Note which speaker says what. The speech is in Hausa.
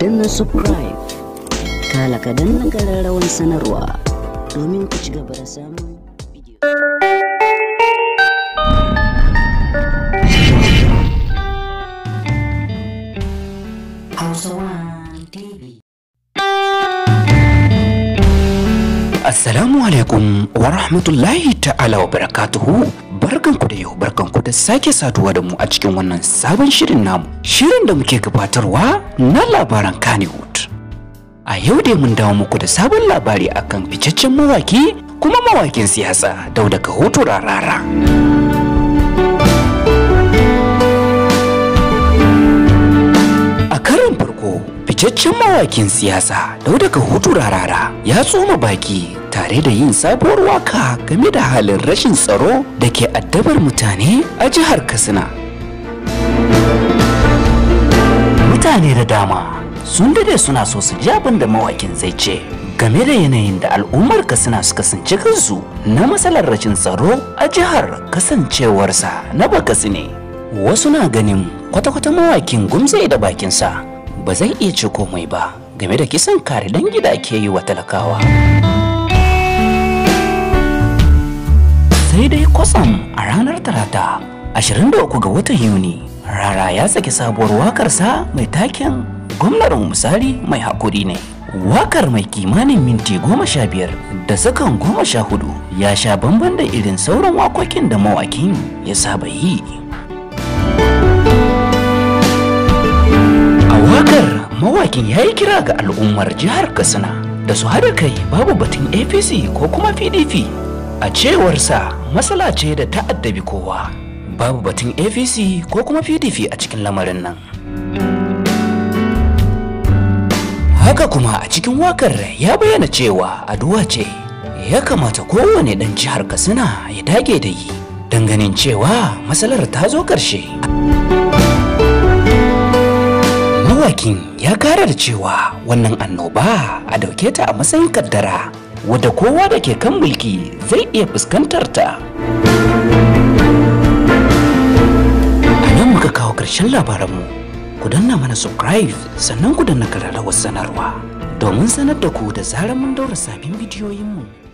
Speaker 1: danna subscribe kala ka danna rawan sanarwa domin ku ci gaba da samun Assalamu alaikum wa rahmatullahi ta'ala wa barakatuhu barkanku da yau barkanku da sake saduwa da mu a cikin wannan sabon shirin namu shirin da muke gabatarwa na labaran Kannywood a yau dai mun dawo muku da sabon labari akan ficaccen mawaki kuma mawakin siyasa Dauda Kahoto Rarara a karin farko mawakin siyasa Dauda hutu Rarara ya tsoma baki tare da yin sabuwar waka game da halin rashin tsaro da ke addabar mutane a jihar katsina mutane da dama sun dade suna so su ji da mawakin zai ce game da yanayin da al'ummar katsina suka kansu na matsalar rashin tsaro a jihar kasancewarsa na bakasi ne wasu na ganin kwata-kwata mawakin gumzai da bakinsa ba zai iya ce komai ba game da kisan kare dan gida ake yi wa talakawa. sai dai kwatsam a ranar talata 23 ga watan yuni rara ya saki sabuwar wakarsa mai taken gwamnatin misali mai hakuri ne wakar mai kimanin minti goma sha biyar da sakan goma sha hudu ya sha bamban da irin sauran wakokin da mawakin ya saba yi a wakar mawakin ya yi kira ga al'ummar jihar katsina da su hada kai babu batun apc ko kuma pdp a cewarsa matsala ce da ta addabi kowa babu batun apc ko kuma pdp a cikin lamarin nan haka kuma a cikin wakar ya bayyana cewa aduwa ce ya kamata kowane ɗan jihar katsina ya dage da yi ganin cewa matsalar ta zo ƙarshe mawakin ya kara da cewa wannan annoba a dauke ta a matsayin kaddara wadda kowa da ke kan mulki zai iya fuskantar ta a nan muka kawo ƙarshen labaranmu ku danna mana subscribe sannan ku danna kararrawar sanarwa domin sanar da ku da zarar mun daura sabbin bidiyoyinmu